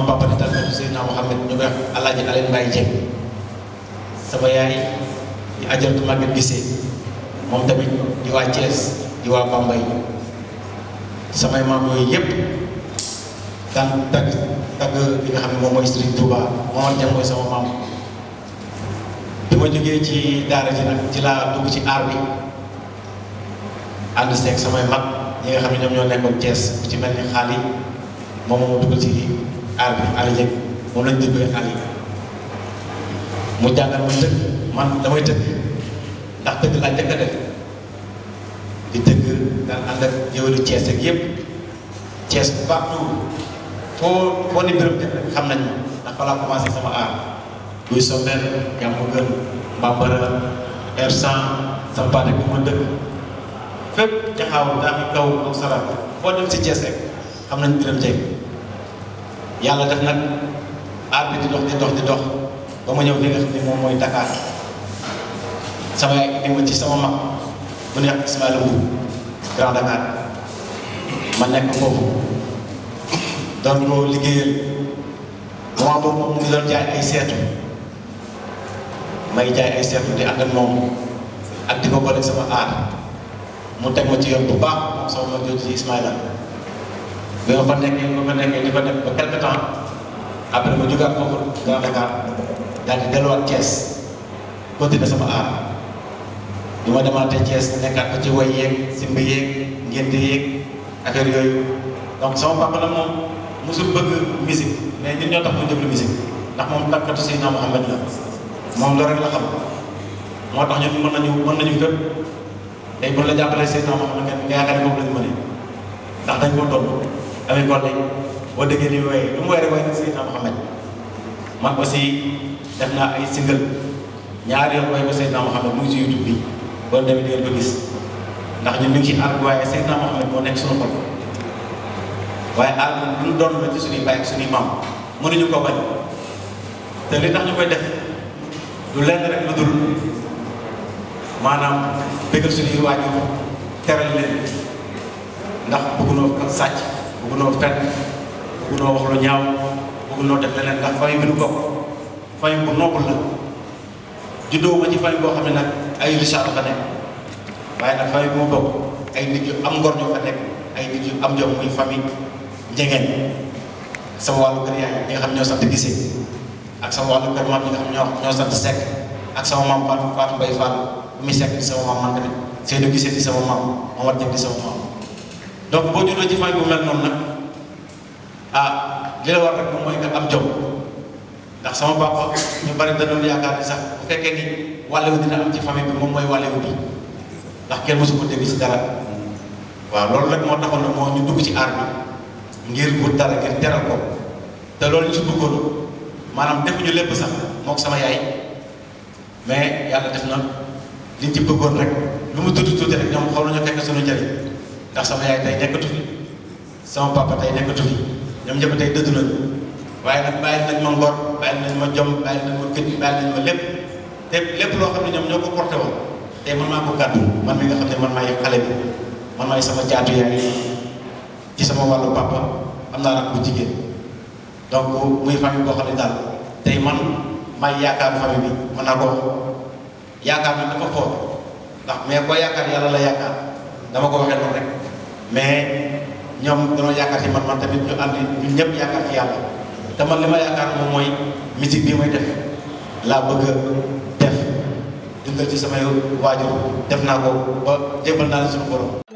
sama papa di tax Seydina Mouhamed ñu koy wax Alaaji Alioune Mbaye Dieng sama yaay di ajal bu Maguette Guissé moom tamit di waa Thiès di waa Bambey samay maam yooyu ma jógee ci daara ji nag ci laa dugg ci aar bi ànd seeg samay mag ñi nga xam ne ñoom ñoo nekkoon Thiès ku ci mel ni xaalis moom moo ma dugal ci aar bi aar yëg moom lañ déggee aar yi mu jàngal ma tëgg man damay tëgg ndax tëgg laa njëkk a def di tëgg daan ànd ak jëwalu xam nañ ndax fa laa sama aar buy sommel jàmm gën mbambara ersan sama paate bi ma dëkk fépp jaxaaw daa kaw ak sara foo dem si Cees xam nañ biram jeeg yàlla def nag aar bi di dox di dox ba ma ñëw li nga moom mooy Dakar sama yaay ma ci sama mag bu neex Ismaïla Mbour Grand Dakar ma nekk foofu doon moom ngi doon jaay ay seetu may jaay moom ak di ko boole sama aar mu teg ma ci yoon bu baax moom sama mag jooju Ismaïla bi ma fa nekkee bi ma fa nekkee di fa nekk ba quelque temps après ma jógaat foofu Grand Dakar daal di delluwaat Thiès continuer sama aar bi ma demaatee Thiès nekkaat ko ci woy yeeg simb yeeg ngénte yeeg affaire yooyu donc sama papa nag moom musul bëgg musique nah, mais ñun ñoo tax mu déglu musique ndax moom tàkkatu Seydina Mouhamed la moom loolu rek la xam moo tax ñun mën nañu mën nañu fépp kan? tey eh, bu la jàppalee Seydina Mouhamed nga kan? yaakaar ne moom lañu mënee ndax dañ avec Goldé boo déggee li mu lu mu woy rek woy na Seydina Mouhamed man aussi def naa ay single ñaar yoon woy ko Seydina Mouhamed mu ngi ci YouTube bi loolu tamit ngeen ko gis ndax ñun ñu ngi ci waaye Seydina Mouhamed moo nekk suñu xol waaye aar moom lu mu doon la ci suñuy bàyyi suñuy maam mënuñu ko te li tax ñu koy def du lenn rek lu dul maanaam bëggal suñuy waajur teral leen ndax bëggunoo ko sàcc. bëgg noo fen bëgg noo wax lu ñaaw bëgg noo def leneen ndax famille bi nu bokk famille bu noble la juddoo ma ci famille boo xam ne nag ay richard fa nekk waaye nag famille bi ma bokk ay nit yu am ngor fa nekk ay nit yu am jom muy famille njegeen sama wàllu kër yaay ñi nga xam ñoo sant gisee ak sama wàllu kër maam ñi nga xam ñoo ñoo sant ak sama maam Fatou Fatou Mbaye mi sekk di sama maam man tamit Seydou gisee di sama maam Momar Dieng di sama maam donc boo juddoo ci famille bu mel noonu nag ah li la war rek moom mooy nga am jom ndax sama papa ñu bari da doon yaakaar ni sax bu fekkee ni wàllewu dina am ci famille bi moom mooy wàllewu bi ndax kenn mosu ko dégg ci dara waaw loolu rek moo taxoon na moo ñu dugg ci aar bi ngir bu dara ngir teral ko te loolu ñu ci duggoon maanaam defuñu lépp sax mook sama yaay mais yàlla def na liñ ci bëggoon rek lu mu tudd tuuti rek ñoom xool nañu fekk suñu njëriñ ndax sama yaay tey nekkatu fi sama papa tey nekkatu fi ñoom ñëpp tey dëdd nañu waaye nag bàyyi nañ ma ngor bàyyi nañ ma jom bàyyi nañ ma kët bàyyi nañ ma lépp lépp loo xam ne ñoom ñoo ko porté woon tey man maa ko gàddu man mi nga xam sama jaatu yaay ci sama wàllu papa am naa rak bu jigéen donc muy famille boo xam tey man maay yaakaar famille bi mën naa ko yaakaar nag dafa foor ndax mais koo yaakaar yàlla la yaakaar dama ko waxee noonu rek mais ñoom dama yaakaar ci man man tamit ñu ànd ñun ñëpp yaakaar ci yàlla te li ma yaakaar moom mooy musique bi may def laa bëgg a def dundal ci samay waajur def naa ko ba jébbal naa la suñu borom.